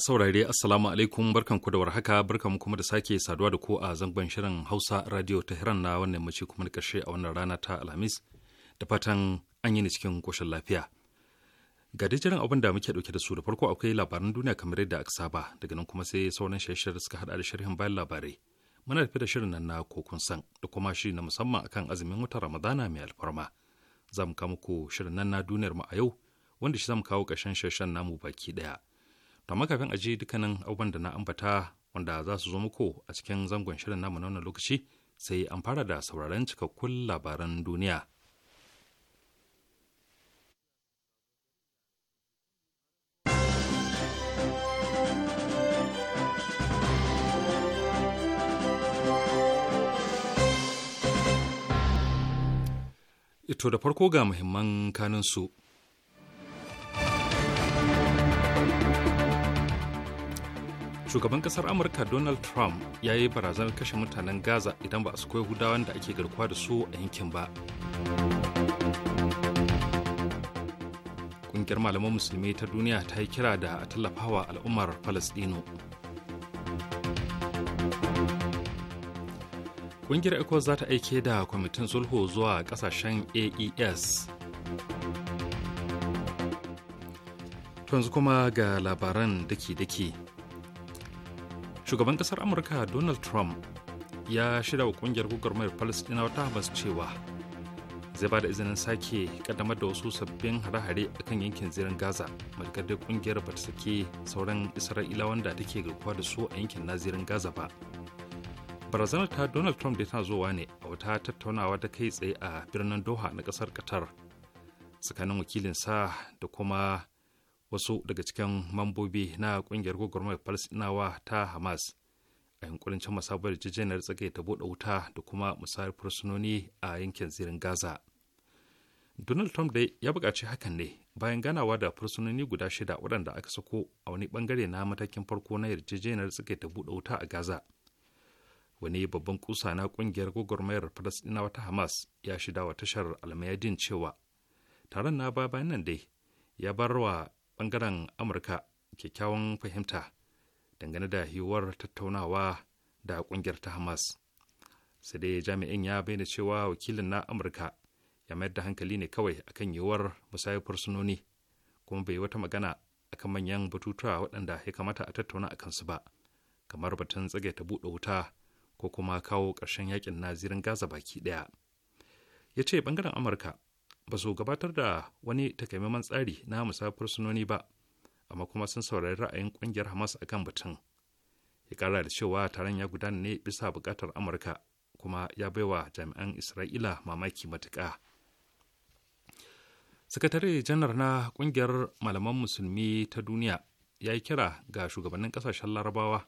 saurare assalamu alaikum barkanku da warhaka barkanku kuma da sake saduwa da ku a zangon shirin Hausa Radio Tehran na wannan mace kuma na karshe a wannan rana ta Alhamis da fatan an yi ni cikin koshin lafiya. Ga jiran abin da muke dauke da su da farko akwai labaran duniya kamar yadda aka saba daga nan kuma sai sauran shirye da suka hada da sharhin bayan labarai. Muna tafi da shirin nan na kokun san da kuma shirin na musamman akan azumin watan Ramadana mai alfarma. Za mu kawo muku shirin nan na duniyar mu a yau wanda shi zamu kawo ƙarshen shirin namu baki ɗaya. kafin a aji dukkanin abubuwan da na ambata wanda za su zo muku a cikin zangon shirin namu na wannan lokaci sai an fara da sauraron cikakkun labaran duniya. Ito da farko ga muhimman kanunsu. shugaban kasar amurka donald trump ya yi barazanar kashe mutanen gaza idan ba a koyi hudawan da ake garkuwa da su a yankin ba kungiyar malaman musulmi ta duniya ta yi kira da a tallafawa al'ummar falasdino kungiyar Ecos za ta aike da kwamitin sulhu zuwa kasashen aes yanzu kuma ga labaran daki-daki shugaban kasar amurka donald trump ya shirya wa kungiyar gwagwarmayar palestinawa wata hamas cewa zai ba da izinin sake kaddamar da wasu sabbin hare-hare a kan yankin zirin gaza matakar da kungiyar ba ta sake sauran isra'ila wanda take garkuwa da su a yankin na gaza ba barazanar ta donald trump da tana zowa ne a wata tattaunawa ta kai tsaye a birnin doha na kasar qatar tsakanin wakilinsa da kuma wasu daga cikin mambobi na kungiyar gwagwarmar falasinawa ta hamas a yankurin can masabar jijiyar tsage ta buɗe wuta da kuma musayar fursunoni a yankin zirin gaza donald trump dai ya buƙaci hakan ne bayan ganawa da fursunoni guda shida waɗanda aka sako a wani ɓangare na matakin farko na yarjejeniyar tsage ta buɗe wuta a gaza wani babban kusa na kungiyar gwagwarmayar falasɗinawa ta hamas ya shida wa tashar almayadin cewa taron na baya bayan nan dai ya bar wa bangaren amurka kyakkyawan fahimta dangane da yiwuwar tattaunawa da ƙungiyar ta hamas sai dai jami'in ya bayyana cewa wakilin na amurka ya mayar da hankali ne kawai akan yiwuwar musayar fursunoni kuma bai wata magana akan manyan batutuwa waɗanda ya kamata a tattauna a kansu ba kamar batun ta buɗe wuta ko kuma kawo ƙarshen yakin nazirin gaza baki ɗaya ya ce ɓangaren amurka ba su gabatar da wani takamaiman tsari na musafir sunoni ba amma kuma sun saurari ra'ayin kungiyar hamas a kan batun ya kara da cewa taron ya gudana ne bisa bukatar amurka kuma ya baiwa jami'an isra'ila mamaki matuƙa sakatare janar na kungiyar malaman musulmi ta duniya ya yi kira ga shugabannin kasashen larabawa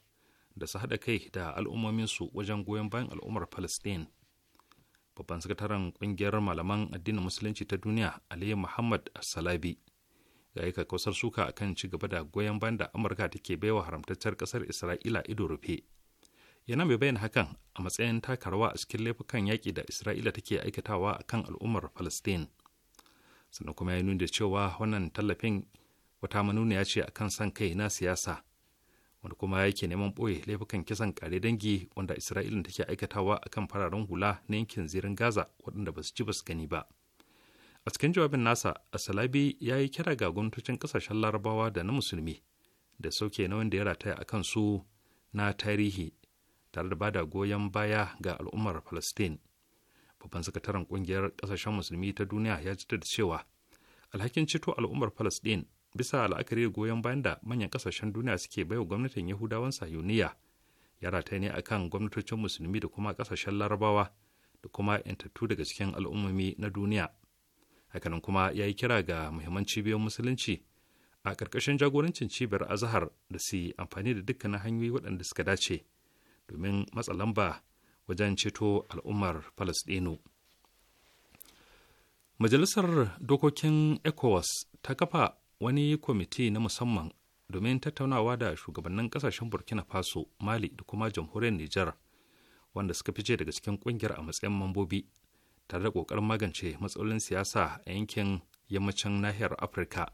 da su haɗa kai da al'ummominsu wajen goyon bayan al'ummar palestine babban sakataren kungiyar malaman addinin musulunci ta duniya aliyu muhammad salabi ya yi kakkausar suka akan ci gaba da goyon bayan da amurka take baiwa haramtaccen kasar isra'ila ido rufe yana mai bayan hakan a matsayin takarwa a cikin laifukan yaƙi da isra'ila take aikatawa a kan al'ummar palestine sannan kuma ya nuni da cewa wannan tallafin wata manuniya ce akan son kai na siyasa wanda kuma yake neman ɓoye laifukan kisan kare dangi wanda isra'ila take aikatawa akan fararen hula na yankin zirin gaza waɗanda ba su ci ba su gani ba a cikin jawabin nasa asalabi ya yi kira ga gwamnatocin ƙasashen larabawa da na musulmi da sauke na wanda ya rataya a kan su na tarihi tare da bada goyon baya ga al'ummar palestine babban sakataren ƙungiyar ƙasashen musulmi ta duniya ya da cewa alhakin ceto al'ummar palestine bisa la'akari goyon bayan da manyan kasashen duniya suke baiwa gwamnatin yahudawan sayuniya ya rataye ne akan gwamnatocin musulmi da kuma kasashen larabawa da kuma intattu daga cikin al'ummomi na duniya hakanan kuma ya yi kira ga muhimman cibiyoyin musulunci a ƙarƙashin jagorancin cibiyar azahar da su amfani da dukkanin hanyoyi waɗanda suka dace domin matsa lamba wajen ceto al'ummar falasɗinu majalisar dokokin ecowas ta kafa wani kwamiti na musamman domin tattaunawa da shugabannin kasashen burkina faso mali da kuma jamhuriyar nijar wanda suka fice daga cikin kungiyar a matsayin mambobi tare da kokarin magance matsalolin siyasa a yankin yammacin nahiyar afirka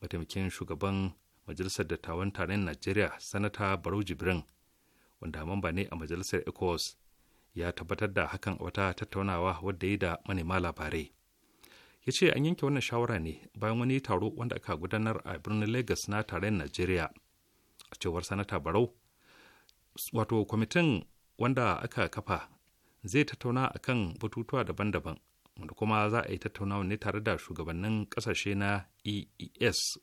mataimakin shugaban majalisar dattawan tarayyar najeriya sanata barau jibrin wanda mamba ne a majalisar ecowas ya tabbatar da hakan wata tattaunawa wadda yi da manema labarai ya ce an yanke wannan shawara ne bayan wani taro wanda aka gudanar a birnin lagos na tarayyar najeriya a cewar sanata barau wato kwamitin wanda aka kafa zai tattauna a kan batutuwa daban-daban wanda kuma za a yi tattaunawa ne tare da shugabannin kasashe na ees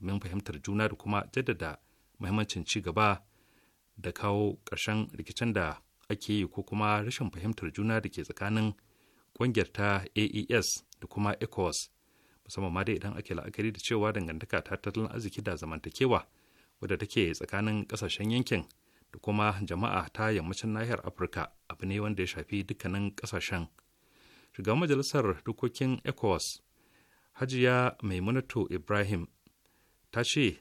domin fahimtar juna da kuma jaddada mahimmancin ci gaba da kawo karshen rikicin da ake yi ko kuma rashin fahimtar juna da ke tsakanin ƙungiyar ta AES da kuma ECOWAS musamman ma dai idan ake la'akari da cewa dangantaka ta tattalin arziki da zamantakewa wadda take tsakanin kasashen yankin da kuma jama'a ta yammacin nahiyar Afirka abu ne wanda ya shafi dukkanin kasashen Shugaban majalisar dokokin ECOWAS Hajiya Maimunatu Ibrahim ta ce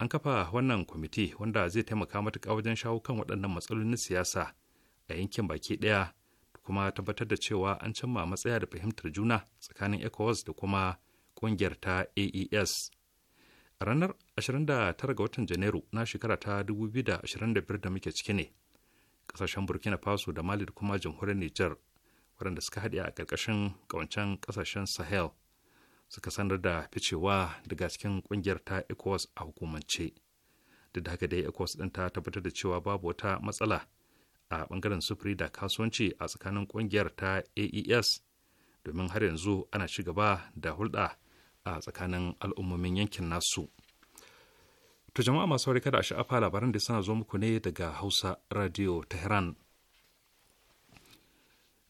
an kafa wannan kwamiti wanda zai taimaka matuƙa wajen shawo kan waɗannan matsalolin siyasa a yankin baki ɗaya kuma tabbatar da cewa an cimma matsaya da fahimtar juna tsakanin ecowas da kuma kungiyar ta aes a ranar 29 ga watan janairu na shekara ta 2025 da muke ciki ne kasashen burkina faso da mali da kuma jamhuriyar niger waɗanda suka haɗe a ƙarƙashin ƙawancen ƙasashen sahel suka sanar da ficewa daga cikin ƙungiyar ta ecowas a hukumance duk da haka dai ecowas ɗin ta tabbatar da cewa babu wata matsala a bangaren sufuri da kasuwanci a tsakanin kungiyar ta aes domin har yanzu ana ci gaba da hulɗa a tsakanin al'ummomin yankin nasu to jama'a masu harika da sha'afa labaran da suna zo muku ne daga hausa radio tehran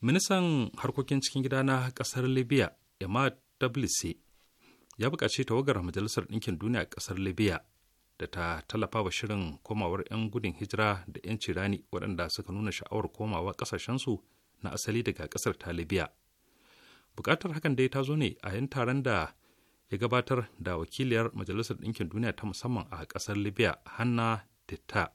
ministan harkokin cikin gida na ƙasar libya yamma ya buƙaci tawagar majalisar ɗinkin duniya a ƙasar libya da ta tallafa wa shirin komawar 'yan gudun hijira da 'yan cirani waɗanda suka nuna sha'awar komawa ƙasashensu na asali daga ƙasar ta libya buƙatar hakan dai ta zo ne a yan taron da ya gabatar da wakiliyar majalisar ɗinkin duniya ta musamman a ƙasar libya hanna titta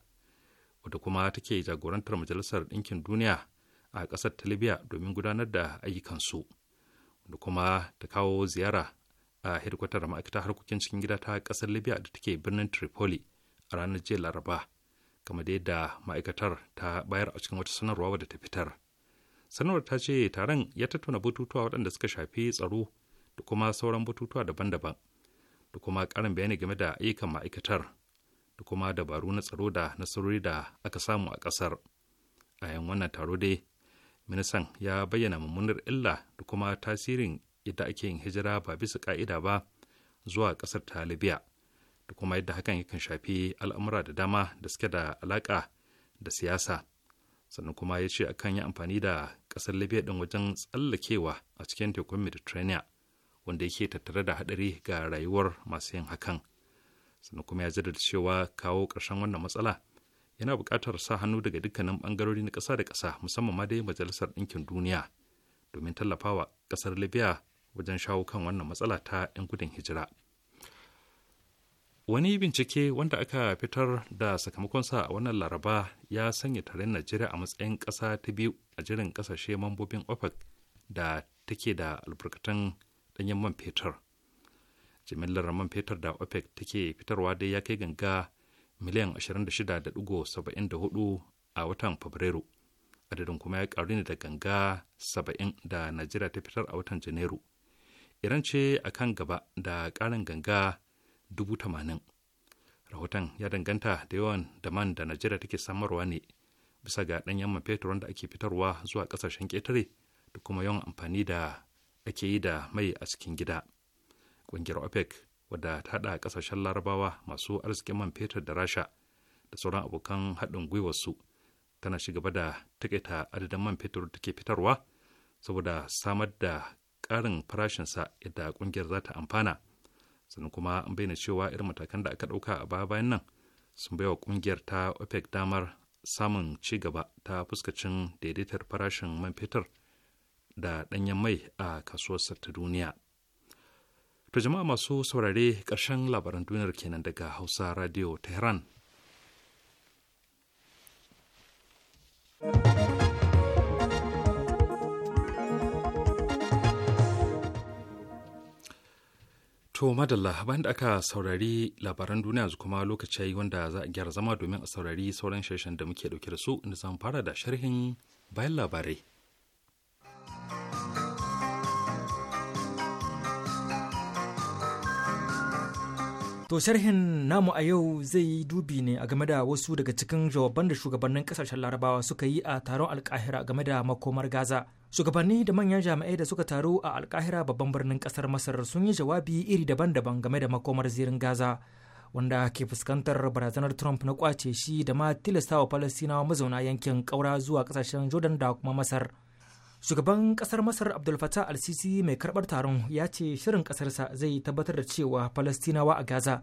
wadda kuma take jagorantar majalisar ɗinkin duniya a ƙasar ta libya domin gudanar da ayyukansu da kuma ta kawo ziyara a hedikwatar ma'aikatar harkokin cikin gida ta ƙasar libya da take birnin tripoli a ranar jiya laraba kamar yadda ma'aikatar ta bayar a cikin wata sanarwa wadda ta fitar sanarwar ta ce taron ya tattauna bututuwa waɗanda suka shafi tsaro da kuma sauran batutuwa daban-daban da kuma ƙarin bayani game da ayyukan ma'aikatar da kuma dabaru na tsaro da nasarori da aka samu a ƙasar a yan wannan taro dai ministan ya bayyana mummunar illa da kuma tasirin yadda ake yin hijira ba bisa ka'ida ba zuwa ƙasar ta libya da kuma yadda hakan yakan shafi al'amura da dama da suke da alaƙa da siyasa sannan kuma ya ce akan yi amfani da ƙasar libya ɗin wajen tsallakewa a cikin tekun mediterranean wanda yake tattare da haɗari ga rayuwar masu yin hakan sannan kuma ya da cewa kawo ƙarshen wannan matsala yana buƙatar sa hannu daga dukkanin ɓangarori na ƙasa da ƙasa musamman ma dai majalisar ɗinkin duniya domin tallafawa ƙasar libya wajen shawo kan wannan matsala ta 'yan gudun hijira wani bincike wanda aka fitar da sakamakon sa a wannan laraba ya sanya taron najeriya a matsayin ƙasa ta biyu a jirin ƙasashe mambobin opec da take da albarkatun ɗanyen man fetur jimillar man fetur da opec take fitarwa dai ya kai ganga miliyan 26.74 a watan fabrairu adadin kuma ya ƙaru ne da ganga 70 da najeriya ta fitar a watan janairu iran ce a kan gaba da ƙarin ganga 80,000 rahoton ya danganta da yawan da man da najeriya take samarwa ne bisa ga ɗanyen man da ake fitarwa zuwa ƙasashen ƙetare da kuma yawan amfani da ake yi da mai a cikin gida ƙungiyar opec wadda ta haɗa ƙasashen larabawa masu arzikin man fetur da rasha da sauran abokan haɗin gwiwarsu tana ci da taƙaita adadin man fetur da take fitarwa saboda samar da ƙarin farashinsa yadda ƙungiyar za ta amfana sannan kuma an bayyana cewa irin matakan da aka ɗauka a baya bayan nan sun wa ƙungiyar ta opec damar samun ci gaba ta fuskacin daidaitar farashin man fetur da ɗanyen mai a kasuwar ta duniya to jama'a masu saurare ƙarshen labaran duniyar kenan daga hausa radio tehran thank you To madalla bayan da aka saurari labaran duniya yanzu kuma lokaci wanda za a gyara zama domin a saurari sauran shirshen da muke dauke da su inda zan fara da sharhin bayan labarai. To sharhin namu a yau zai yi dubi ne a game da wasu daga cikin jawaban da shugabannin kasashen larabawa suka yi a taron alkahira game da makomar Gaza. shugabanni da manyan jami'ai da suka taru a alkahira babban birnin kasar masar sun yi jawabi iri daban-daban game da makomar zirin gaza wanda ke fuskantar barazanar trump na kwace shi da ma tilastawa falastinawa mazauna yankin kaura zuwa kasashen jordan da kuma masar shugaban kasar masar abdul fattah al-sisi mai karbar taron ya ce shirin kasarsa zai tabbatar da cewa falastinawa a gaza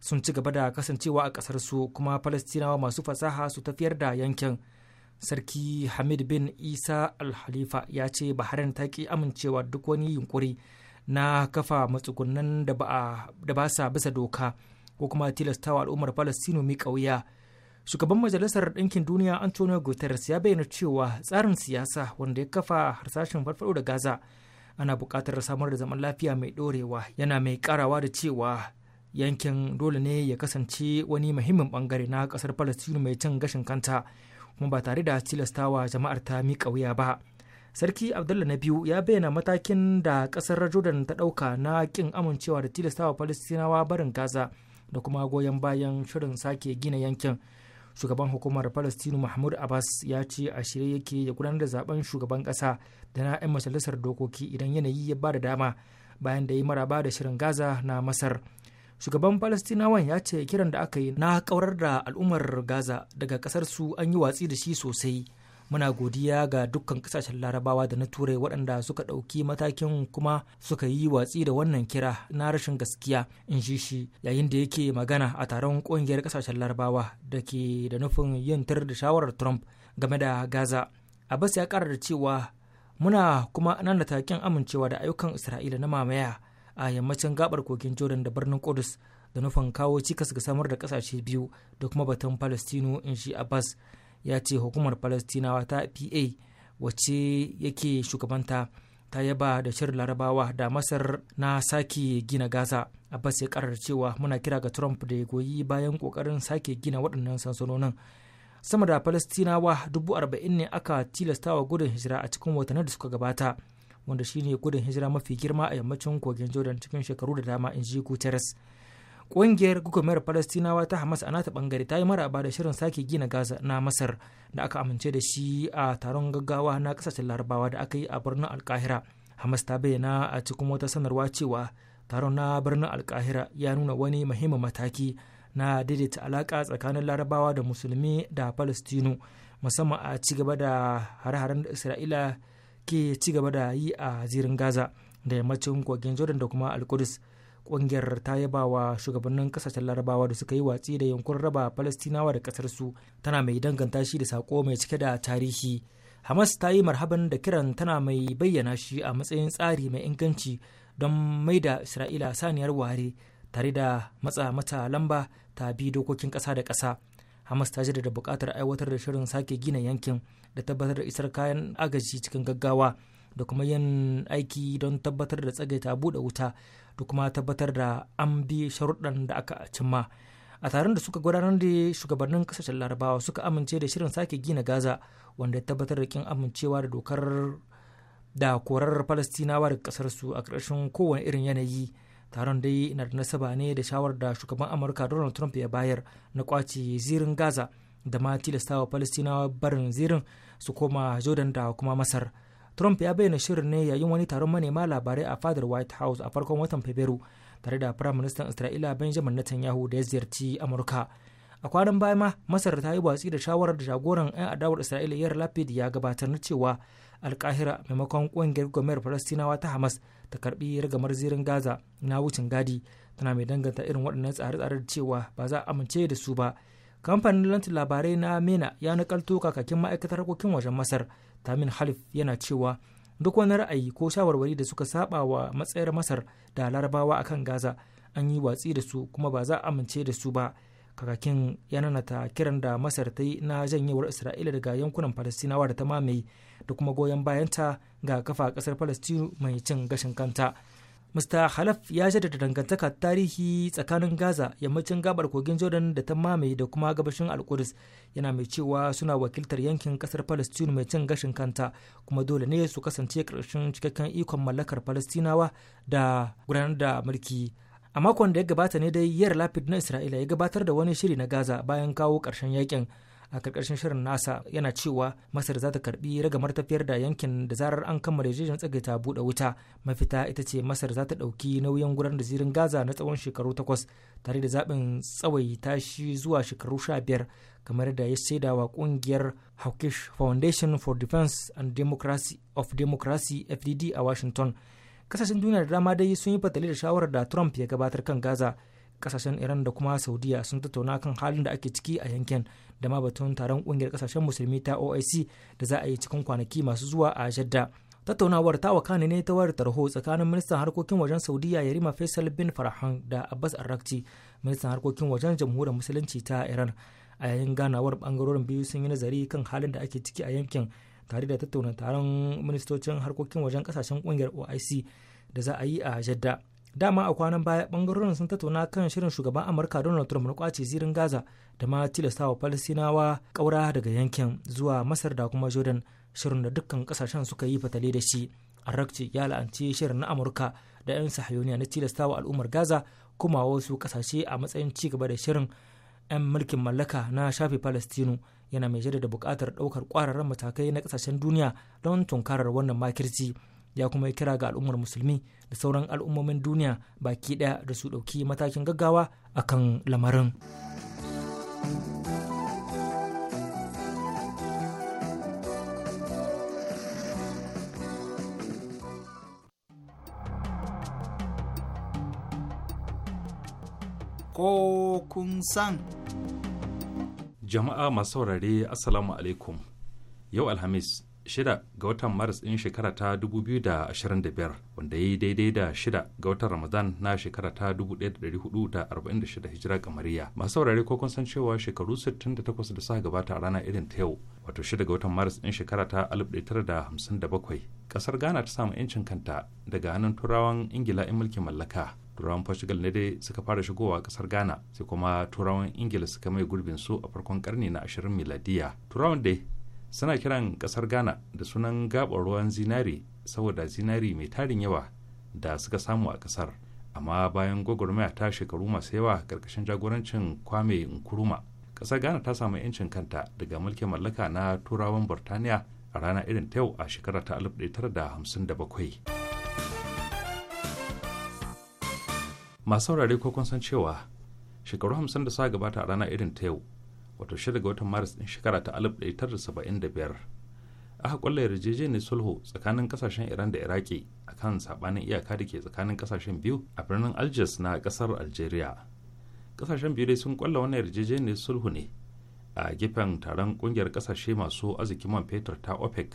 sun ci gaba da kasancewa a kasar su kuma falastinawa masu fasaha su tafiyar da yankin sarki hamid bin isa al-halifa ya ce bahrain ta ki amincewa duk wani yunkuri na kafa matsugunan da ba sa bisa doka ko kuma tilastawa al'ummar palestino mi kauya shugaban majalisar ɗinkin duniya antonio guterres ya bayyana cewa tsarin siyasa wanda ya kafa harsashen farfaɗo da gaza ana buƙatar samar da zaman lafiya mai ɗorewa yana mai ƙarawa da cewa yankin dole ne ya kasance wani muhimmin ɓangare na ƙasar palestino mai cin gashin kanta kuma ba tare da tilastawa jama'ar ta miƙa wuya ba sarki abdullah na biyu ya bayyana matakin da ƙasar jordan ta ɗauka na ƙin amincewa da tilastawa palestinawa barin gaza da kuma goyon bayan shirin sake gina yankin shugaban hukumar palestinu mahmud abbas ya ce a shirye yake ya gudanar da zaben shugaban ƙasa da na 'yan majalisar dokoki idan yanayi ya ba da dama bayan da ya maraba da shirin gaza na masar shugaban palestinawan ya ce kiran da aka yi na kaurar da al'ummar gaza daga kasar su an yi watsi da shi sosai muna godiya ga dukkan kasashen larabawa da na turai waɗanda suka ɗauki matakin kuma suka yi watsi da wannan kira na rashin gaskiya in shi shi yayin da yake magana a taron ƙungiyar kasashen larabawa da ke da nufin yin tar da shawarar trump game da gaza abbas ya ƙara da cewa muna kuma da taƙin amincewa da ayyukan isra'ila na mamaya a yammacin gabar kogin jordan da birnin kudus da nufin kawo cikas ga samar da kasashe biyu da kuma batun palestino in shi abbas ya ce hukumar palestinawa ta pa wacce yake shugabanta ta yaba da shirin larabawa da masar na sake gina gaza abbas ya karar cewa muna kira ga trump da ya goyi bayan kokarin sake gina waɗannan sansanonin sama da palestinawa dubu arba'in ne aka tilastawa gudun hijira a cikin watanni da suka gabata wanda shine gudun hijira mafi girma a yammacin kogin jordan cikin shekaru da dama in ji guterres ƙungiyar gugumiyar palestinawa ta hamas a nata bangare ta yi maraba da shirin sake gina gaza na masar da aka amince da shi a taron gaggawa na kasashen larabawa da aka yi a birnin alkahira hamas ta bayyana a cikin wata sanarwa cewa taron na birnin alkahira ya nuna wani muhimmin mataki na daidaita alaka tsakanin larabawa da musulmi da palestinu musamman a ci gaba da hare-haren da isra'ila ke ci gaba da yi a zirin gaza da yammacin kogin jordan da kuma alkudus kungiyar ta yaba wa shugabannin kasashen larabawa da suka yi watsi da yankunan raba falastinawa da kasar su tana mai danganta shi da sako mai cike da tarihi hamas ta yi marhaban da kiran tana mai bayyana shi a matsayin tsari mai inganci don mai da isra'ila saniyar ware tare da matsa mata lamba ta bi dokokin kasa da kasa hamas ta jaddada bukatar aiwatar da shirin sake gina yankin da tabbatar da isar kayan agaji cikin gaggawa da kuma yin aiki don tabbatar da tsagaita buɗe wuta da kuma tabbatar da an bi sharuɗan da aka cimma a taron da suka gudanar da shugabannin kasashen larabawa suka amince da shirin sake gina gaza wanda ya tabbatar da kin amincewa da dokar da korar falastinawa daga kasar su a ƙarshen kowane irin yanayi taron dai na da nasaba ne da shawarar da shugaban amurka donald trump ya bayar na kwace zirin gaza da ma tilastawa falastinawa barin zirin su koma jordan da kuma masar trump ya bayyana shirin ne yayin wani taron manema labarai a fadar white house a farkon watan fabrairu tare da Prime Minister isra'ila benjamin netanyahu da ya ziyarci amurka a kwanan baya ma masar ta yi watsi da shawarar da jagoran 'yan adawar isra'ila yar lapid ya gabatar na cewa alkahira maimakon kungiyar gwamnatin falastinawa ta hamas ta karbi ragamar zirin gaza na wucin gadi tana mai danganta irin waɗannan tsare-tsare da cewa ba za a amince da su ba kamfanin lantin labarai na mena ya nakalto kakakin ma'aikatar harkokin wajen masar tamin halif yana cewa duk wani ra'ayi ko shawarwari da suka saba wa matsayar masar da larabawa akan gaza an yi watsi da su kuma ba za a amince da su ba kakakin ya nanata kiran da masar ta yi na janyewar isra'ila daga yankunan palestinawa da ta mamaye da kuma goyon bayanta ga kafa kasar falastinu mai cin gashin kanta Mr. Halaf ya jaddada dangantaka tarihi tsakanin Gaza, yammacin gabar kogin Jordan da ta mamaye da kuma gabashin Alkudus, yana mai cewa suna wakiltar yankin kasar Palestine mai cin gashin kanta, kuma dole ne su kasance ƙarshen cikakken ikon mallakar Palestinawa da gudanar da mulki. A makon da ya gabata ne dai Yar Lapid na Isra'ila ya gabatar da wani shiri na Gaza bayan kawo ƙarshen yakin. a karkashin shirin nasa yana cewa masar za ta karbi ragamar tafiyar da yankin da zarar an kammala tsage tsagaita buɗe wuta mafita ita ce masar za ta ɗauki nauyin gudanar da zirin gaza na tsawon shekaru takwas tare da zaɓin tsawai shi zuwa shekaru sha biyar kamar da ya shaida wa kungiyar hawkish foundation for defense and democracy of democracy fdd a washington kasashen duniya da dama dai sun yi fatali da shawarar da trump ya gabatar kan gaza kasashen iran da kuma saudiya sun tattauna kan halin da ake ciki a yankin da ma batun taron kungiyar kasashen musulmi ta OIC da za a yi cikin kwanaki masu zuwa a Jadda. Tattaunawar ta wakane ne ta wayar tarho tsakanin ministan harkokin wajen Saudiya Yarima Faisal bin Farhan da Abbas Arrakci, ministan harkokin wajen Jamhuriyar Musulunci ta Iran. A yayin ganawar bangarorin biyu sun yi nazari kan halin da ake ciki a yankin tare da tattauna taron ministocin harkokin wajen kasashen kungiyar OIC da za a yi a Jadda. dama a kwanan baya bangarorin sun tattauna kan shirin shugaban amurka donald trump na kwace zirin gaza da ma tilastawa falastinawa kaura daga yankin zuwa masar da kuma jordan shirin da dukkan kasashen suka yi fatale da shi arakci ya la'anci shirin na amurka da 'yan sahayoniya na tilastawa al'ummar gaza kuma wasu kasashe a matsayin ci gaba da shirin 'yan mulkin mallaka na shafe palestinu yana mai jaddada buƙatar ɗaukar ƙwararren matakai na kasashen duniya don tunkarar wannan makirci ya kuma yi kira ga al'ummar musulmi da sauran al'ummomin duniya baki ɗaya da su ɗauki matakin gaggawa a kan lamarin. Ko kun san. Jama'a masu saurare Assalamu alaikum. Yau Alhamis shida ga watan maris ɗin shekara ta 2025 wanda ya yi daidai da shida ga watan ramadan na shekara ta 1446 hijira kamariya masu saurari ko kun san cewa shekaru 68 da sa gabata a rana irin ta yau wato shida ga watan maris ɗin shekara ta 1957 kasar ghana ta samu 'yancin kanta daga hannun turawan ingila in mulkin mallaka turawan portugal ne dai suka fara shigowa kasar ghana sai kuma turawan ingila suka mai gurbin su a farkon karni na 20 miladiya turawan dai suna kiran kasar ghana da sunan gabar ruwan zinari saboda zinari mai tarin yawa da suka samu a kasar amma bayan gwagwarmaya ta shekaru masu yawa karkashin jagorancin kwame nkuruma kasar ghana ta samu 'yancin kanta daga mulkin mallaka na turawan burtaniya a rana irin ta yau a shekara ta 1957 masu saurare ko kun san cewa shekaru hamsin da suka gabata a rana irin ta yau wato shida ga watan maris din shekara ta da saba'in biyar aka kwalla yarjejeniyar sulhu tsakanin kasashen iran da iraki a kan sabanin iyaka da ke tsakanin kasashen biyu a birnin algiers na kasar algeria kasashen biyu dai sun kwalla wannan yarjejeniyar sulhu ne a gefen taron kungiyar kasashe masu arzikin man fetur ta opec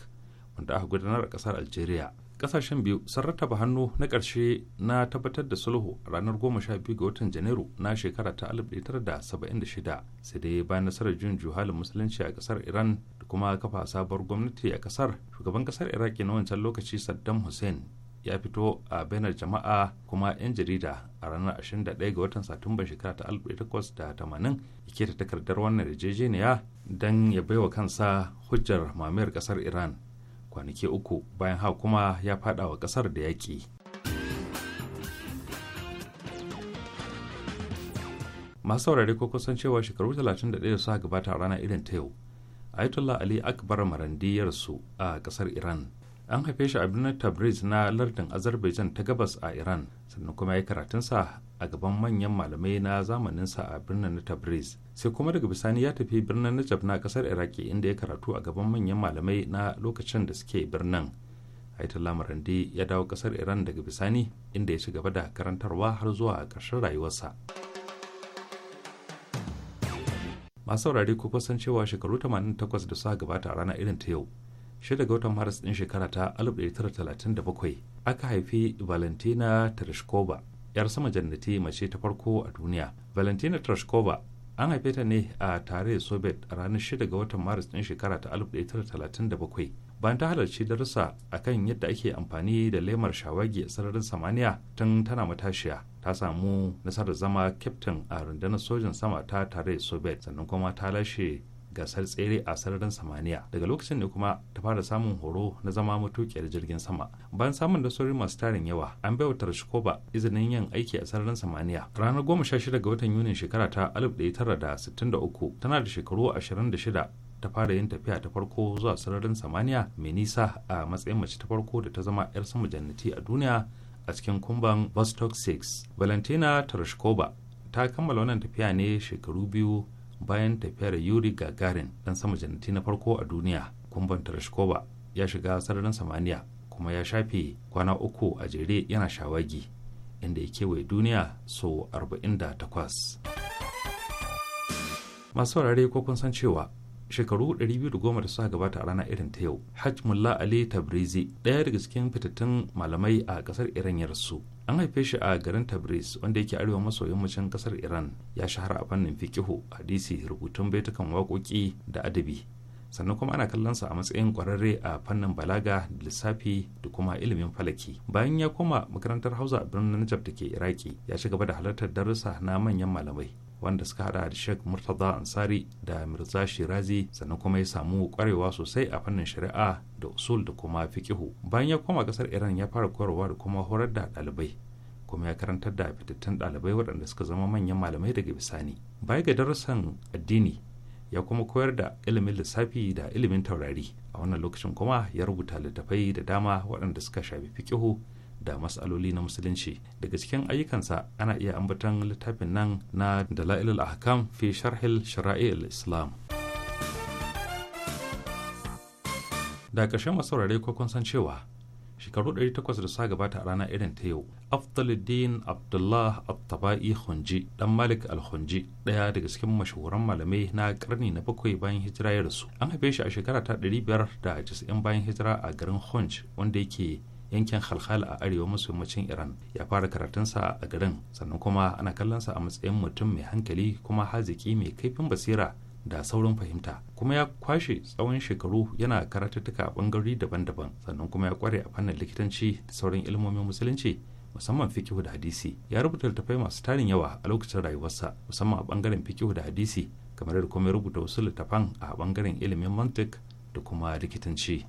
wanda aka gudanar a kasar algeria kasashen biyu sun rattaba hannu na ƙarshe na tabbatar da sulhu ranar 12 ga watan janairu na shekara ta 1976 sai dai bayan nasarar jin juhalin musulunci a ƙasar iran da kuma kafa sabuwar gwamnati a ƙasar shugaban ƙasar iraki na wancan lokaci saddam hussein ya fito a bainar jama'a kuma 'yan jarida a ranar 21 ga watan satumba shekara ta 1880 ya keta takardar wannan yarjejeniya don ya baiwa kansa hujjar mamayar ƙasar iran kwanaki uku bayan ha kuma ya fada wa kasar da yaƙi masu saurari ko kusan cewa shekaru 31 da suka gabata rana irin ta yau ayatollah ali akbar marandi ya rasu a kasar iran an haife shi a birnin tabriz na lardin azerbaijan ta gabas a iran sannan kuma ya karatunsa a gaban manyan malamai na zamaninsa a birnin tabriz sai kuma daga bisani ya tafi birnin najab na kasar iraki inda ya karatu a gaban manyan malamai na lokacin da suke birnin Aitullah Marandi ya dawo kasar Iran daga bisani inda ya ci gaba da karantarwa har zuwa ƙarshen rayuwarsa. Masu saurari ko kusan cewa shekaru 88 da suka gabata a rana irin ta yau, shida ga watan Maris din shekara ta 1937 aka haifi Valentina Tereshkova, 'yar sama jannati mace ta farko a duniya. Valentina Tereshkova an haife ta ne a tare soviet a ranar 6 ga watan maris ɗin shekara ta 1937 bayan ta halarci darussa a kan yadda ake amfani da lemar shawagi a sararin samaniya tun tana matashiya ta samu nasarar zama kyaftin a rundunar sojan sama ta tare soviet sannan kuma ta lashe gasar tsere a sararin samaniya daga lokacin ne kuma ta fara samun horo na zama matukiyar jirgin sama bayan samun sauri masu tarin yawa an bai wa tarshikoba izinin yin aiki a sararin samaniya ranar goma sha shida ga watan yunin shekara ta alif ɗaya tara da sittin da uku tana da shekaru ashirin da shida ta fara yin tafiya ta farko zuwa sararin samaniya mai nisa a matsayin mace ta farko da ta zama 'yar sama jannati a duniya a cikin kumban vostok 6 valentina tarashkova ta kammala wannan tafiya ne shekaru biyu bayan tafiyar yuri gagarin dan sama janati na farko a duniya kumban tarashkova ya shiga sararin samaniya kuma ya shafe kwana uku a jere yana shawagi inda ya kewaye duniya so 48 masu saurare ko kun san cewa shekaru 210 da suka gabata a rana irin ta yau hajj mullah ali tabrizi ɗaya daga cikin fitattun malamai a ƙasar iran ya rasu an haife shi a garin tabriz wanda yake arewa maso yammacin kasar iran ya shahara a fannin fikihu hadisi rubutun baitukan waƙoƙi da adabi sannan kuma ana kallonsa a matsayin kwararre a fannin balaga da lissafi da kuma ilimin falaki bayan ya koma makarantar hausa a birnin najaf da ke iraki ya ci gaba da halartar darussa na manyan malamai wanda suka hada da sheikh murtaza ansari da mirza shirazi sannan kuma ya samu kwarewa sosai a fannin shari'a da usul da kuma fikihu bayan ya koma kasar iran ya fara koyarwa da kuma horar da dalibai kuma ya karantar da fitattun dalibai waɗanda suka zama manyan malamai daga bisani Bayan ga darasan addini ya kuma koyar da ilimin lissafi da ilimin taurari a wannan lokacin kuma ya rubuta littattafai da dama waɗanda suka shafi fikihu da matsaloli na musulunci daga cikin ayyukansa ana iya ambatan littafin nan na al ahkam fi sharhil shara'il islam da ƙarshen masaurare ko kun san cewa shekaru 800 da sa gabata a rana irin ta yau afdaluddin abdullah abtabai hunji dan malik al-hunji ɗaya daga cikin mashahuran malamai na karni na bakwai bayan hijira ya rasu an haife shi a shekara ta 590 bayan hijira a garin hunj wanda yake yankin halhal a arewa maso yammacin iran ya fara karatunsa a garin sannan kuma ana kallonsa a matsayin mutum mai hankali kuma haziki mai kaifin basira da saurin fahimta kuma ya kwashe tsawon shekaru yana karatattuka a bangarori daban-daban sannan kuma ya kware a fannin likitanci da sauran ilmomin musulunci musamman fikihu da hadisi ya rubuta littattafai masu tarin yawa a lokacin rayuwarsa musamman a bangaren fikihu da hadisi kamar da kuma ya rubuta wasu littattafan a bangaren ilimin mantik da kuma likitanci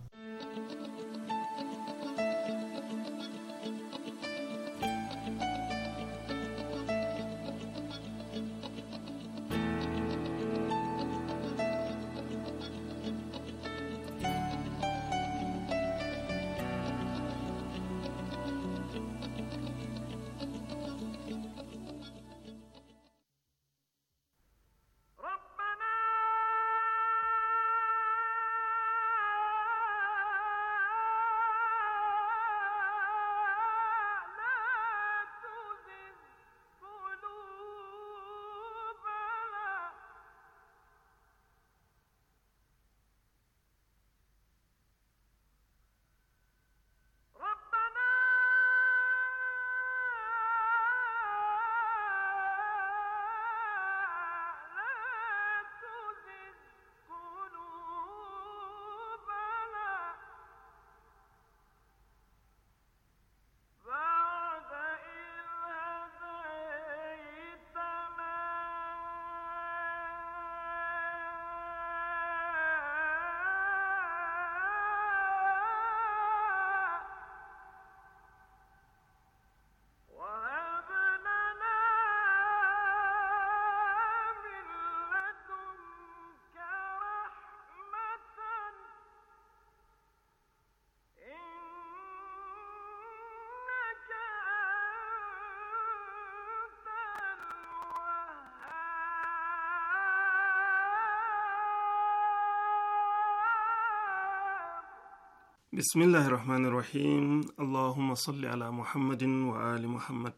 rahim Allahumma salli ala Muhammadin wa ali Muhammad.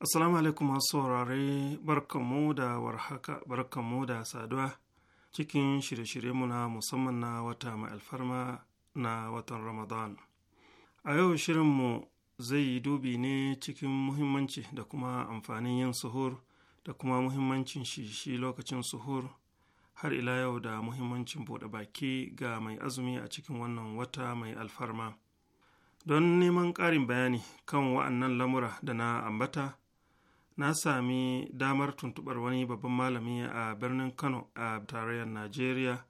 Assalamu alaikum masu saurare barkamu da warhaka barkamu da saduwa cikin shirye-shiryenmu na musamman na wata mai alfarma na watan Ramadan. A yau shirinmu zai yi dubi ne cikin muhimmanci da kuma amfanin yin suhur da kuma muhimmancin shi shi lokacin suhur har ila yau da muhimmancin buɗe baki ga mai azumi a cikin wannan wata mai alfarma don neman ƙarin bayani kan wa'annan lamura da na ambata na sami damar tuntuɓar wani babban malami a birnin kano a tarayyar najeriya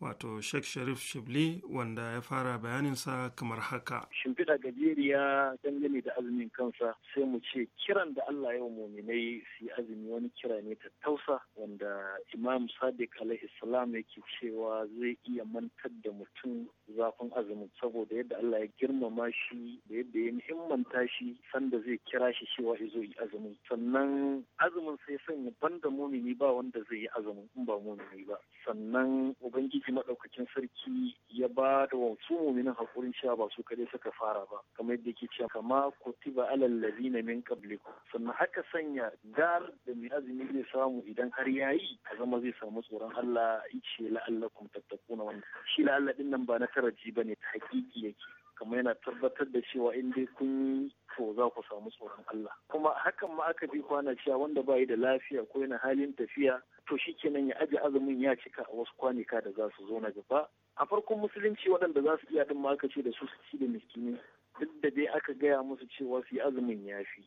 wato Sheikh Sharif Shibli wanda ya fara bayaninsa kamar haka. Shimfiɗa gajeriya dangane da azumin kansa sai mu ce kiran da Allah yau muminai su yi azumi wani kira ne Tausa. wanda Imam Sadiq alaihi salam yake cewa zai iya mantar da mutum zafin azumin saboda yadda Allah ya girmama shi da yadda ya muhimmanta shi sanda zai kira shi cewa izo yi azumin sannan azumin sai sanya banda mumini ba wanda zai yi azumin in ba mumini ba sannan ubangiji maɗaukacin maɗaukakin sarki ya ba da wasu muminin haƙurin cewa ba su kaɗai suka fara ba kamar yadda yake cewa kama kutiba alal ladina min qablikum sannan haka sanya dar da mai azumi zai samu idan har yayi a zama zai samu tsoron Allah ice la'allakum tattakuna wannan shi la'alla din nan ba na ne bane hakiki yake kamar yana tabbatar da cewa in dai kun yi to za ku samu tsoron Allah kuma hakan ma aka bi kwana cewa wanda bai da lafiya ko yana halin tafiya to shikenan ya aje azumin ya cika a wasu kwanika da za su zo na gaba a farkon musulunci waɗanda za su iya din ma aka ce da su su ci da miskini duk da dai aka gaya musu cewa su yi azumin ya fi.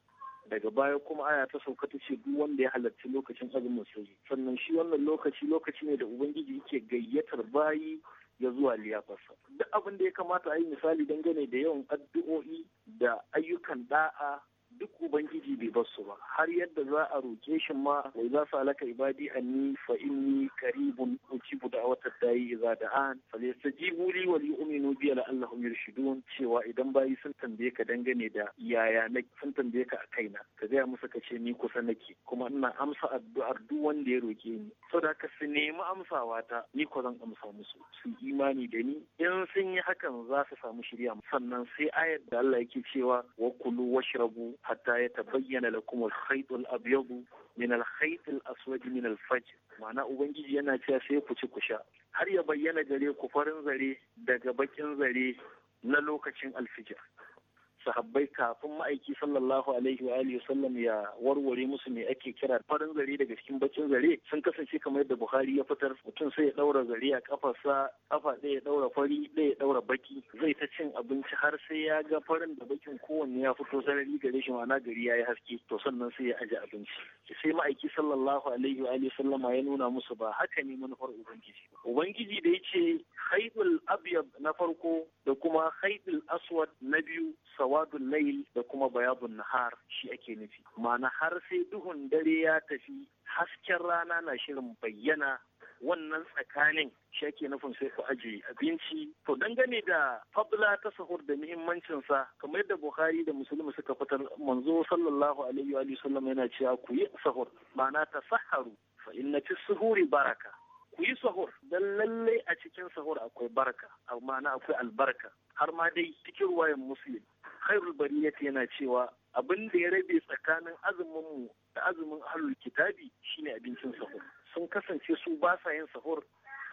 daga baya kuma aya ta sauka ta ce duk wanda ya halarci lokacin azumin soji sannan shi wannan lokaci lokaci ne da ubangiji yake gayyatar bayi ya zuwa liyafarsa duk abin da ya kamata a yi misali dangane da yawan addu'o'i da ayyukan da'a duk ubangiji bai bar su ba har yadda za a roke shi ma wai za su alaka ibadi anni fa inni qaribun ujibu da'watad da'i idza da'an falyastajibu li wa liyu'minu bi la'allahum yurshidun cewa idan bayi sun tambaye ka dangane da yaya na sun tambaye ka a kaina ka gaya musu ka ce ni kusa nake kuma ina amsa addu'ar duk wanda ya roke ni saboda ka su nemi amsawa ta ni ko zan amsa musu su imani da ni in sun yi hakan za su samu shirya sannan sai ayar da Allah yake cewa wa kulu washrabu hatta ya tabayyana lakum al-khayt al-abyad min al-khayt aswad min al-fajr ma'ana ubangiji yana cewa sai ku ci ku sha har ya bayyana gare ku farin zare daga bakin zare na lokacin alfijir sahabbai kafin ma'aiki sallallahu alaihi wa alihi sallam ya warware musu me ake kira farin zare daga cikin baccin zare sun kasance kamar yadda Buhari ya fitar mutum sai ya daura zare a kafarsa kafa ɗaya ya daura fari ɗaya ya daura baki zai ta cin abinci har sai ya ga farin da bakin kowanne ya fito sarari gare shi ma'ana gari ya yi haske to sannan sai ya aje abinci sai ma'aiki sallallahu alaihi wa alihi sallama ya nuna musu ba haka ne manufar ubangiji ubangiji da ce haibul abyad na farko da kuma haibul aswad na biyu sawa sawadun lail da kuma Bayabun nahar shi ake nufi ma'ana har sai duhun dare ya tafi hasken rana na shirin bayyana wannan tsakanin shi ake nufin sai ku aje abinci to dangane da fadla ta sahur da muhimmancinsa kamar yadda bukhari da musulmi suka fitar manzo sallallahu alaihi wa sallam yana cewa ku yi sahur ma'ana ta saharu fa inna fi suhuri baraka ku yi sahur dan lallai a cikin sahur akwai baraka amma na akwai albarka har ma dai cikin ruwayan muslim khairul bariyat yana cewa abin da ya rabe tsakanin azumin mu da azumin ahlul kitabi shine abincin sahur sun kasance su ba sa yin sahur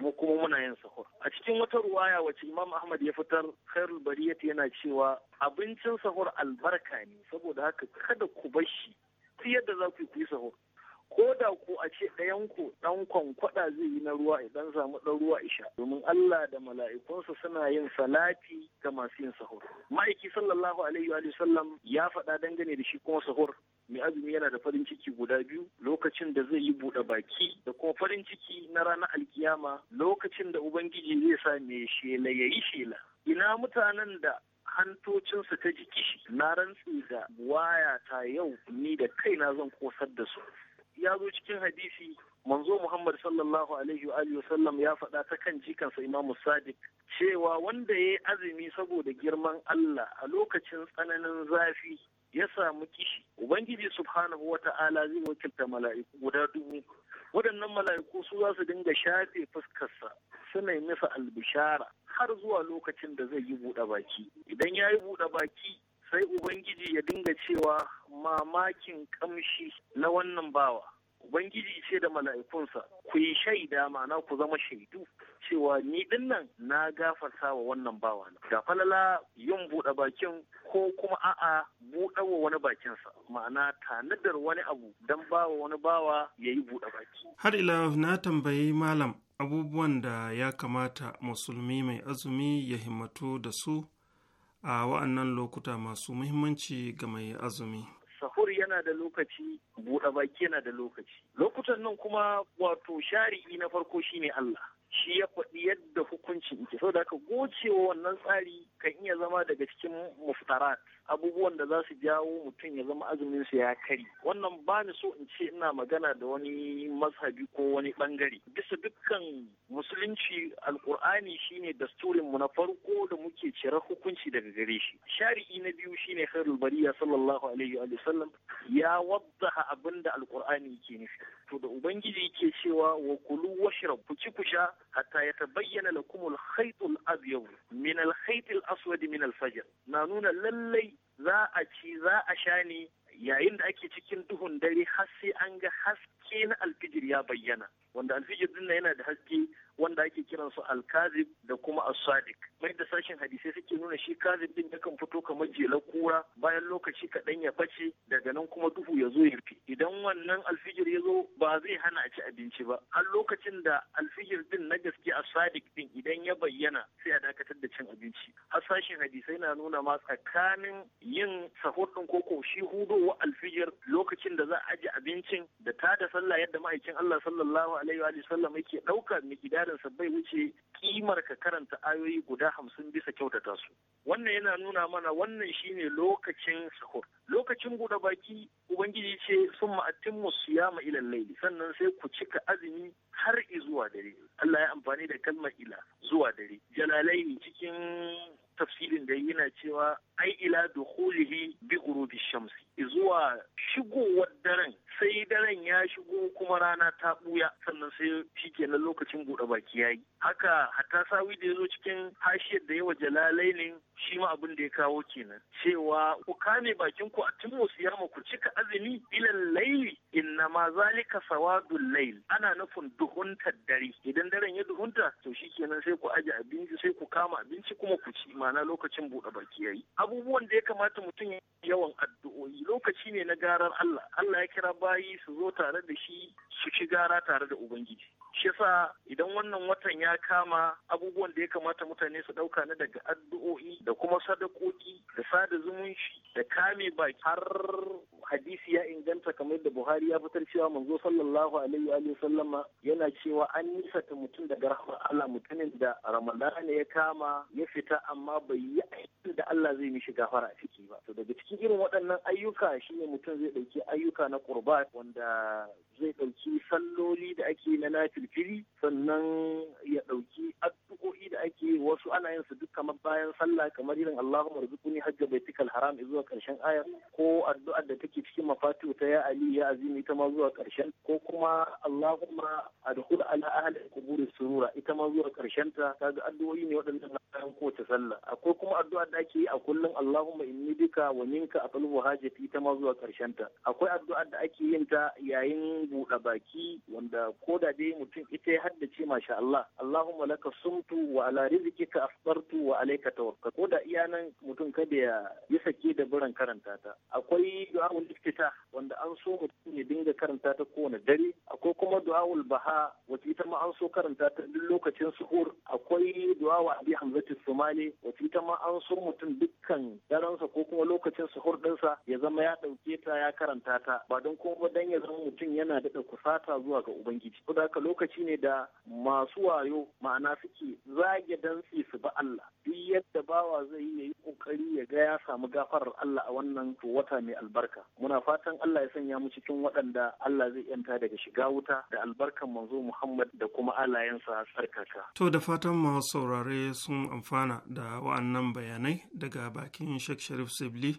mu kuma muna yin sahur a cikin wata ruwaya wacce imam ahmad ya fitar khairul bariyat yana cewa abincin sahur albarka ne saboda haka kada ku bar shi yadda za ku yi sahur ko da ko a ce ɗayan ku ɗan kwaɗa zai yi na ruwa idan samu ɗan ruwa isha domin Allah da mala'ikunsa suna yin salati ga masu yin sahur ma'aiki sallallahu alaihi wa sallam ya faɗa dangane da shi kuma sahur mai azumi yana da farin ciki guda biyu lokacin da zai yi buɗe baki da kuma farin ciki na ranar alkiyama lokacin da ubangiji zai sa mai shela ya yi shela ina mutanen da hantocinsa ta jiki na rantsi da waya ta yau ni da kaina zan kosar da su ya zo cikin hadisi manzo Muhammad sallallahu alaihi wa alihi sallam ya faɗa ta kan jikansa Imam Sadiq cewa wanda ya azumi saboda girman Allah a lokacin tsananin zafi ya samu kishi Ubangiji subhanahu wa ta'ala zai wakilta mala'iku guda dubu waɗannan mala'iku su za su dinga shafe fuskarsa suna yi masa albishara har zuwa lokacin da zai yi buɗe baki idan ya yi buɗe baki sai Ubangiji ya dinga cewa mamakin kamshi na wannan bawa. Ubangiji ce da mala'ikunsa, ku yi shaida ma'ana ku zama shaidu cewa ni dinnan na gafarta wa wannan bawa na. Ga falala yin buɗe bakin ko kuma a'a buɗe wa wani bakinsa ma'ana tanadar wani abu don bawa wani bawa ya yi buɗe baki. Har ila na tambayi malam abubuwan da ya kamata musulmi mai azumi ya himmatu da su a wa'annan lokuta masu muhimmanci ga mai azumi. Sahur yana da lokaci, buɗe baki yana da lokaci. Lokutan nan kuma wato shari'i na farko shine Allah. Shi ya faɗi yadda hukuncin ke, saboda aka gocewa wannan tsari kan iya zama daga cikin muftarat abubuwan da za su jawo mutum ya zama azumin sa ya kari wannan ba ni so in ce ina magana da wani mazhabi ko wani bangare bisa dukkan musulunci alkur'ani shine dasturin mu na farko da muke cire hukunci daga gare shi shari'i na biyu shine khairul bariya sallallahu alaihi wa sallam ya waddaha abinda alkur'ani ke nufi to da ubangiji yake cewa wa kulu washrab ku ci ku sha hatta yatabayyana lakumul khaytul abyad min al khaytil aswadi min na nuna lallai za a ci za a sha ne yayin da ake cikin duhun dare har sai an ga haske na alfijir ya bayyana wanda alfijir din yana da haske wanda ake kiran su alkazib da kuma asadik mai da sashen hadisai suke nuna shi kazib din yakan fito kamar jelar kura bayan lokaci kaɗan ya bace daga nan kuma duhu ya zo ya rufe idan wannan alfijir ya zo ba zai hana a ci abinci ba Har lokacin da alfijir din na gaske asadik din idan ya bayyana sai a dakatar da cin abinci har sashen hadisai na nuna ma tsakanin yin sahur din koko shi hudowa alfijir lokacin da za a aje abincin da ta da sallah yadda ma'aikin Allah sallallahu alaihi wa sallam yake ɗauka mai misalinsa bai wuce kimar ka karanta ayoyi guda hamsin bisa kyautata su wannan yana nuna mana wannan shine lokacin sahur lokacin guda baki ubangiji ce sun ma'atin ya ilan laili sannan sai ku cika azumi har zuwa dare Allah ya amfani da kalmar ila zuwa dare jalalaini cikin tafsirin da yana cewa ai ila dukhulihi bi ghurubi shamsi zuwa shigowar daren sai daren ya shigo kuma rana ta buya sannan sai shikenan lokacin buɗe baki yayi haka hatta sawi da yazo cikin hashiyar da yawa jalalainin shi ma abin da ya kawo kenan cewa ku kame bakin ku a tumo siyama ku cika azumi ilal laili inna ma zalika sawadul lail ana nufin duhuntar dare idan daren ya duhunta to shikenan sai ku aje abinci sai ku kama abinci kuma ku ci ma'ana lokacin buɗe baki yayi abubuwan da ya kamata mutum ya yawan addu'o'i lokaci ne na garar Allah Allah ya kira bayi su zo tare da shi su ci gara tare da ubangiji shi idan wannan watan ya kama abubuwan da ya kamata mutane su ɗauka na daga addu'o'i da kuma sadakoki da sada zumunci da kame baki har hadisi ya inganta kamar yadda Buhari ya fitar cewa manzo sallallahu alaihi wa sallama yana cewa an nisata mutum daga rahmar Allah mutumin da Ramadan ya kama ya fita amma bai yi aikin da Allah zai mishi gafara a ciki ba to daga cikin irin waɗannan ayyuka shine mutum zai ɗauki ayyuka na kurba wanda zai ɗauki salloli da ake na nafilfili sannan ya ɗauki addu'o'i da ake wasu ana yin su duk kamar bayan sallah kamar irin Allahumma rizquni hajja baitikal haram zuwa karshen aya ko addu'ar da take cikin mafatu ta ya ali ya azimi ita ma zuwa karshen ko kuma Allahumma adkhul ala ahli quburi surura ita ma zuwa karshen ta kaga addu'o'i ne waɗannan bayan kowace sallah akwai kuma addu'a da ake yi a kullum Allahumma inni bika wa minka atlubu hajati ita ma zuwa karshen ta akwai addu'ar da ake yin ta yayin buɗe baki wanda ko da dai mutum ita ya haddace masha Allah Allahumma laka sumtu wa ala rizqika asbartu wa alayka tawakkal ko da iya nan mutum kada ya yi sake da buran karanta ta akwai du'aul iftita wanda an so mutum ya dinga karanta ta kowane dare akwai kuma du'aul baha wacce ita ma an so karanta ta duk lokacin suhur akwai wa abi hamzatu sumali wacce ita ma an so mutum dukkan daransa ko kuma lokacin suhur dinsa? ya zama ya dauke ta ya karanta ta ba don kuma dan ya zama mutum yana yana daɗa kusata zuwa ga ubangiji da haka lokaci ne da masu wayo ma'ana suke zage dan su ba Allah duk yadda bawa zai yi yayi kokari ya ga ya samu gafarar Allah a wannan wata mai albarka muna fatan Allah ya sanya mu cikin waɗanda Allah zai yanta daga shiga wuta da albarkan manzo Muhammad da kuma alayensa tsarkaka to da fatan masu saurare sun amfana da wa'annan bayanai daga bakin Sheikh Sharif Sibli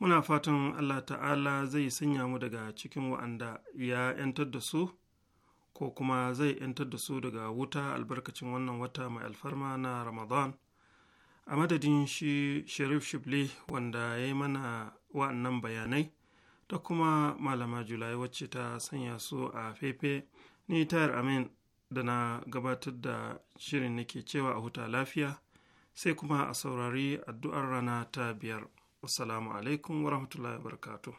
muna fatan allah ta'ala zai sanya mu daga cikin wa'anda ya 'yantar da su ko kuma zai 'yantar da su daga wuta albarkacin wannan wata mai alfarma na ramadan a madadin shi sharif shibli wanda ya yi mana wa'annan bayanai ta kuma malama julai wacce ta sanya su a fefe ni tayar amin da na gabatar da shirin nake cewa a huta lafiya sai kuma a saurari addu'ar rana ta biyar Assalamu alaikum wa rahmatullahi wa barakatuh.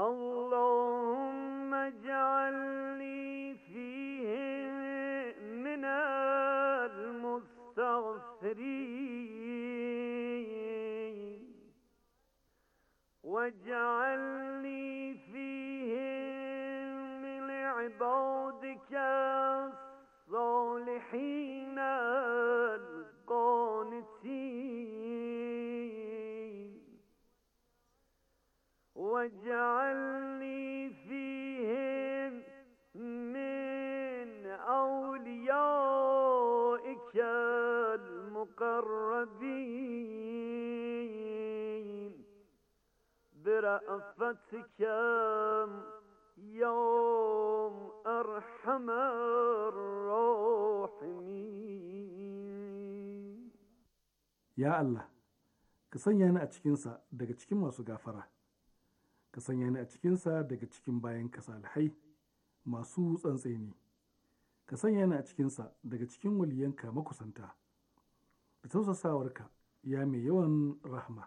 اللهم اجعلني فيه من المستغفرين واجعلني عبادك الصالحين القانتين واجعلني فيهم من أوليائك المقربين برأفتك Ya Allah, ka sanya ni a cikinsa daga cikin masu gafara, ka sanya ni a cikinsa daga cikin bayan kasalihai masu tsantseni, ka sanya ni a cikinsa daga cikin waliyanka makusanta, da tausasawarka ya mai yawan rahama.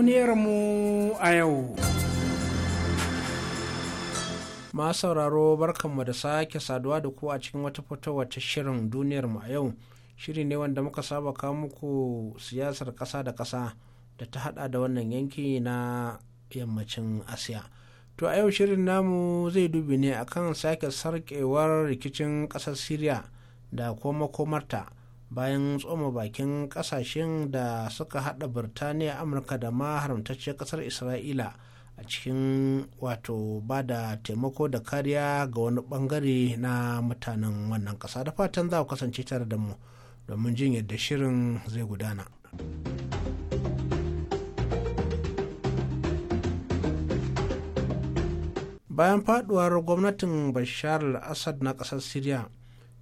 duniyarmu a yau. Ma sauraro barkanmu da sake saduwa da ku a cikin wata fito wata shirin duniyarmu a yau. Shiri ne wanda muka saba kawo muku siyasar ƙasa da ƙasa da ta haɗa da wannan yanki na yammacin Asiya. To a yau shirin namu zai dubi ne akan sake sarkewar rikicin ƙasar Siriya da koma komarta. bayan tsoma bakin kasashen da suka hada birtaniya amurka da ma haramtacciyar kasar isra'ila a cikin wato ba da taimako da kariya ga wani bangare na mutanen wannan kasa da fatan za ku kasance tare da mu domin jin yadda shirin zai gudana. bayan faduwar gwamnatin bashar al-assad na kasar syria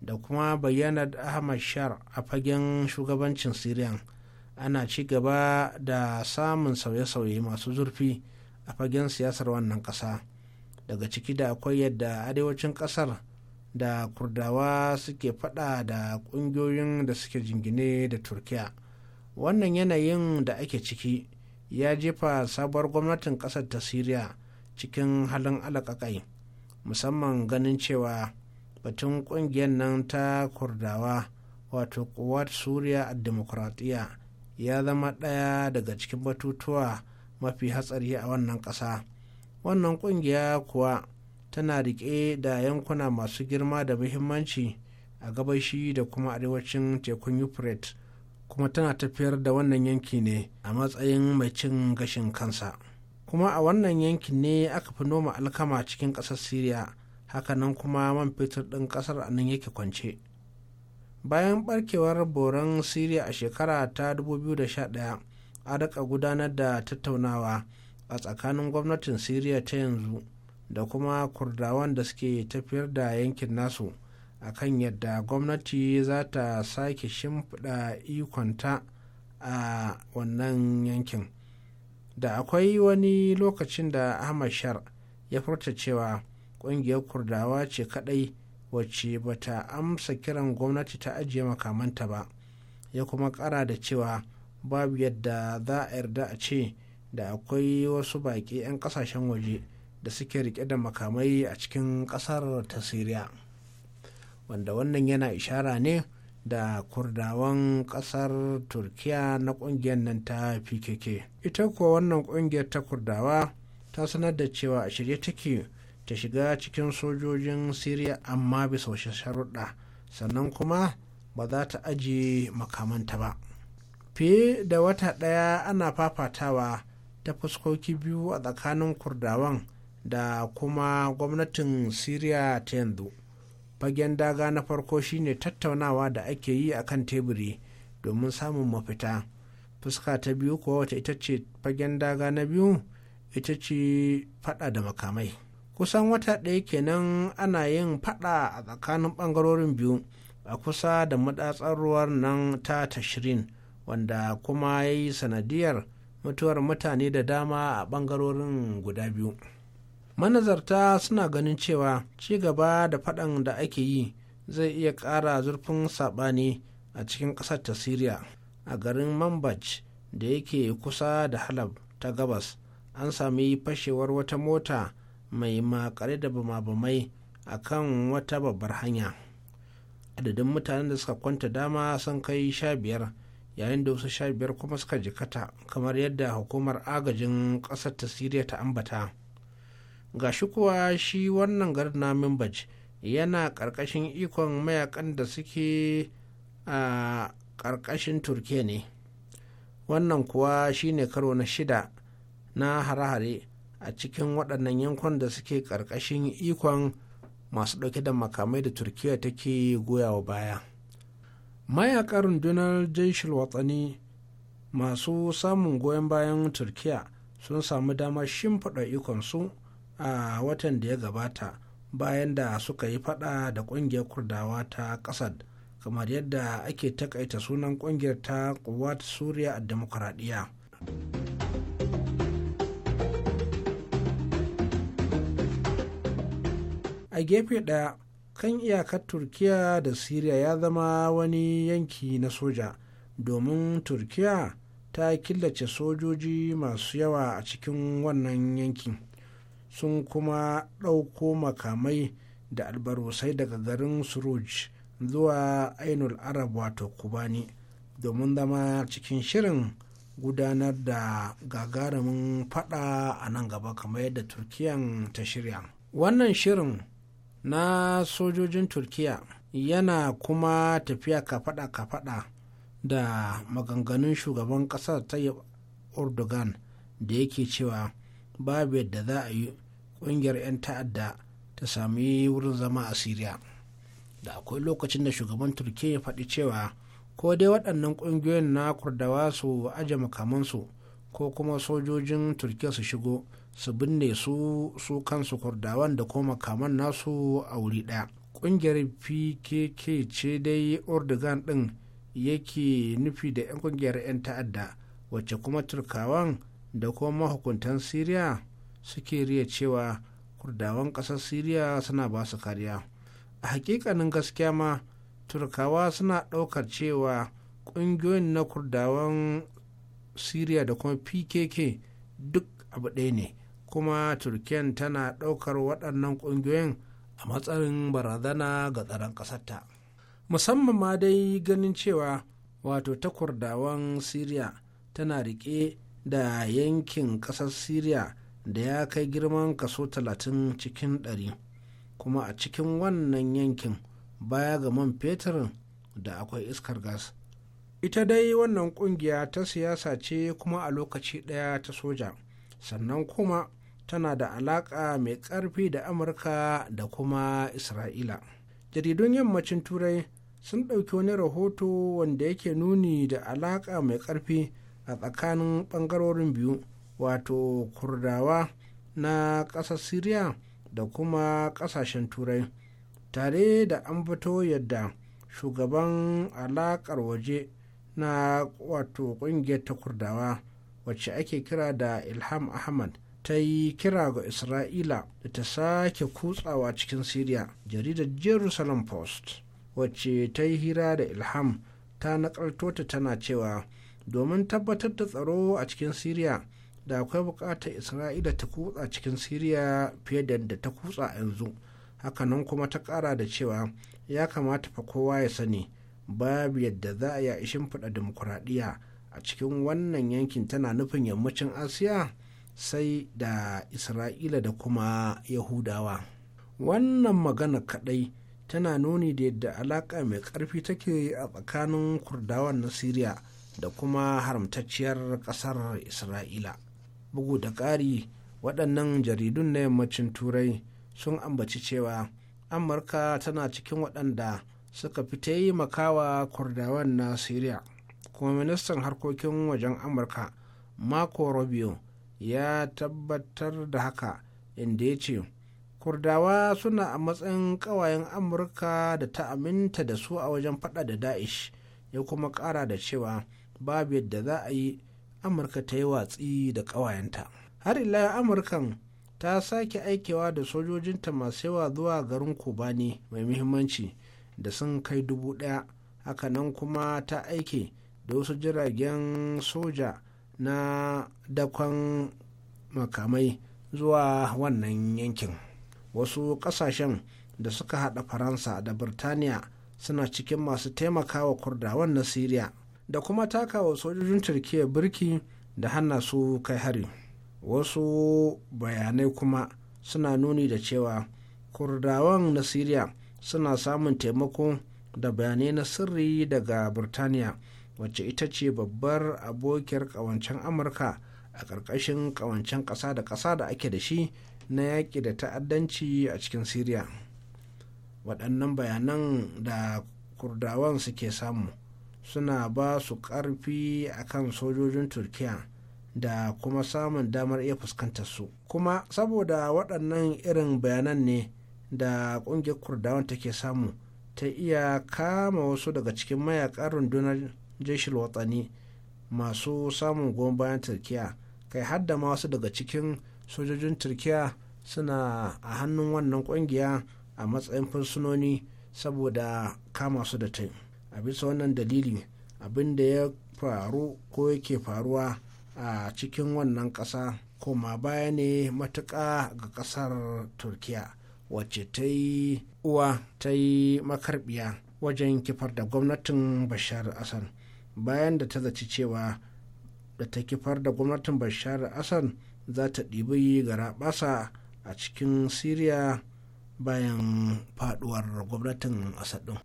da kuma bayyanar ahmad shar a fagen shugabancin syrian ana ci gaba da samun sauye-sauye masu zurfi a fagen siyasar wannan ƙasa daga ciki da akwai yadda arewacin ƙasar da kurdawa suke fada da ƙungiyoyin da suke jingine da turkiya wannan yanayin da ake ciki ya jefa sabuwar gwamnatin ƙasar ta syria cikin halin alakakai musamman ganin cewa batun kungiyar nan ta kurdawa wato kuwat suriya a demokuraɗiyya ya zama ɗaya daga cikin batutuwa mafi hatsari a wannan ƙasa wannan kungiya kuwa tana riƙe da yankuna masu girma da muhimmanci a gabashi da kuma arewacin tekun euphrates kuma tana tafiyar da wannan yanki ne a matsayin mai cin gashin kansa kuma a wannan yankin ne aka fi noma alkama cikin ƙasar syria hakanan kuma man fetur ɗin ƙasar a nan yake kwance bayan barkewar boran siriya a shekara ta 2011 a daga gudanar da tattaunawa a tsakanin gwamnatin siriya ta yanzu da kuma kurdawan da suke tafiyar da yankin nasu a kan yadda gwamnati za ta sake shimfiɗa ikonta a wannan yankin da akwai wani lokacin da ahmad shar ya furta cewa ƙungiyar kurdawa ce kadai wacce bata amsa kiran gwamnati ta ajiye makamanta ba ya kuma kara da cewa babu yadda za a yarda a ce da akwai wasu baƙi 'yan kasashen waje da suke rike da makamai a cikin ƙasar ta siriya wanda wannan yana ishara ne da kurdawan ƙasar turkiya na ƙungiyar nan ta pkk ita kuwa wannan ƙungiyar ta kurdawa ta sanar da cewa a shirye take ta shiga cikin sojojin siriya amma bisa wasu sharuɗa sannan kuma ba za ta ajiye makamanta ba fiye da wata ɗaya ana fafatawa ta fuskoki biyu a tsakanin kurdawan da kuma gwamnatin siriya ta yanzu fagen daga na farko shine tattaunawa da ake yi a kan teburi domin samun mafita fuska ta biyu kuwa wata ita ce fagen daga na biyu ita ce fada da makamai kusan wata ɗaya kenan ana yin faɗa a tsakanin ɓangarorin biyu a kusa da madatsar ruwan nan ta tashirin wanda kuma ya yi sanadiyar mutuwar mutane da dama a ɓangarorin guda biyu manazarta suna ganin cewa ci gaba da faɗan da ake yi zai iya ƙara zurfin saɓani a cikin ƙasar ta siriya a garin mambaj da yake kusa da halab ta gabas an sami fashewar wata mota mai makare da bama-bamai a kan wata babbar hanya adadin mutanen da suka kwanta dama sun kai sha biyar yayin da wasu sha biyar kuma suka jikata kamar yadda hukumar agajin ƙasar ta siriya ta ambata ga shi kuwa shi wannan garin na mimbaj yana ƙarƙashin ikon mayakan da suke a ƙarƙashin turkiya ne wannan kuwa shine karo na shida na hare-hare a cikin waɗannan yankunan da suke ƙarƙashin ikon masu ɗauke da makamai da turkiya take goya wa baya mayaƙa rundunar jeshil watsani masu samun goyon bayan turkiya sun samu damar shimfiɗa ikonsu a watan da ya gabata bayan da suka yi faɗa da ƙungiyar kurdawa ta ƙasar kamar yadda ake takaita sunan ƙungiyar ta kuwat suriya a demokuraɗiyya. a gefe ɗaya kan iyakar turkiya da siriya ya zama wani yanki na soja domin turkiya ta killace sojoji masu yawa a cikin wannan yankin sun kuma ɗauko makamai da albarusai daga garin suruj zuwa ainul arab wato kubani domin zama cikin shirin gudanar da gagarumin fada a nan gaba kamar yadda turkiyan ta shirya wannan shirin na sojojin turkiya yana kuma tafiya kafada-kafada da maganganun shugaban kasar tayyip erdogan da yake cewa babu yadda za a yi kungiyar 'yan ta'adda ta sami wurin zama a syria da akwai lokacin da shugaban turkiya ya faɗi cewa ko dai waɗannan ƙungiyoyin na kurdawa su aje makamansu ko kuma sojojin turkiya su shigo su binne su su kansu kurdawan da kuma makaman nasu a wuri ɗaya ƙungiyar pkk ce dai ordogan ɗin yake nufi da 'yan ƙungiyar 'yan ta'adda wacce kuma turkawan da kuma mahukuntan siriya suke riya cewa kurdawan ƙasar siriya suna ba su kariya a hakikanin gaskiya ma turkawa suna ɗaukar cewa ƙungiyoyin na kurdawan siriya da kuma pkk duk abu ɗaya ne kuma turkiyan tana ɗaukar waɗannan ƙungiyoyin a matsayin barazana ga tsaron ƙasarta musamman ma dai ganin cewa wato takwardawan syria siriya tana riƙe da yankin ƙasar siriya da ya kai girman kaso 30 cikin 100 kuma a cikin wannan yankin baya ga man fetur da akwai iskar gas ita dai wannan kungiya ta siyasa ce kuma a lokaci ɗaya ta soja sannan kuma tana da alaƙa mai ƙarfi da amurka da kuma isra'ila jaridun yammacin turai sun ɗauki wani rahoto wanda yake nuni da alaƙa mai ƙarfi a tsakanin ɓangarorin biyu wato kurdawa na ƙasar syria da kuma ƙasashen turai tare da an fito yadda shugaban alaƙar waje na wato ƙungiyar ta kurdawa wacce ake kira da ilham ahmad ta yi kira ga isra'ila da ta sake kutsawa cikin Siriya, jaridar jerusalem post wacce ta yi hira da ilham ta nakalto ta tana cewa domin tabbatar da tsaro a cikin Siriya, da akwai bukatar isra'ila ta kutsa cikin Siriya fiye da da ta kutsa yanzu hakanan kuma ta kara da cewa ya kamata fa kowa ya sani babu yadda za a yi shimfiɗa dimokuraɗiyya a cikin wannan yankin tana nufin yammacin asiya sai da isra'ila da kuma yahudawa wannan magana kaɗai tana nuni da yadda alaƙa mai ƙarfi take a tsakanin kurdawan na syria da kuma haramtacciyar ƙasar isra'ila bugu da ƙari waɗannan jaridun na yammacin turai sun ambaci cewa amurka tana cikin waɗanda suka fi taimakawa kurdawan na syria kuma ministan harkokin wajen amurka marco rubio ya tabbatar da haka inda ya ce kurdawa suna a matsayin kawayen amurka da ta aminta da su a wajen fada da da'ish ya kuma kara da cewa babu yadda za a yi amurka ta yi watsi da kawayenta har ila amurkan ta sake aikewa da sojojinta masu yawa zuwa garin kobani mai muhimmanci da sun kai dubu daya hakanan kuma ta aike da wasu jiragen soja na dakon makamai zuwa wannan yankin wasu kasashen da suka hada faransa da birtaniya suna cikin masu taimakawa kurdawan na syria da kuma takawa sojojin turkiya birki da hana su kai hari wasu bayanai kuma suna nuni da cewa kurdawan na syria suna samun taimako da bayanai na sirri daga birtaniya wacce ita ce babbar abokiyar kawancen amurka a ƙarƙashin kawancen ƙasa da ƙasa da ake da shi na yaƙi da ta'addanci a cikin syria waɗannan bayanan da kurdawan suke samu suna ba su ƙarfi a kan sojojin turkiya da kuma samun damar iya fuskantar su kuma saboda waɗannan irin bayanan ne da ƙungiyar kurdawan take samu ta iya kama wasu daga cikin mayakan rundunar jeshi watsani masu samun goma bayan turkiya kai hadda ma wasu daga cikin sojojin turkiya suna a hannun wannan kungiya a matsayin fursunoni saboda kama su da tai a bisa wannan dalili abin da ya faru ko yake faruwa a cikin wannan ƙasa kuma baya ne matuƙa ga kasar turkiya wacce ta yi uwa ta yi makarbiya wajen kifar da gwamnatin bashar asad bayan da ta zaci cewa da ta kifar da gwamnatin bashar asan za ta ɗibi garaɓasa a cikin syria bayan faduwar gwamnatin assad ɗin.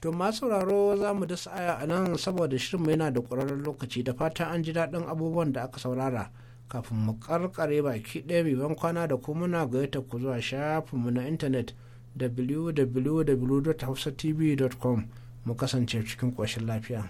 To ma sauraro za mu da sa'aya a nan saboda shirin shirinmu yana da ƙwararren lokaci da fata an ji daɗin abubuwan da aka saurara. kafin mu karkare baki ɗaya biban kwana da kuma muna gayyata ku zuwa shafinmu na intanet www.hausatv.com mu kasance cikin ƙoshin lafiya.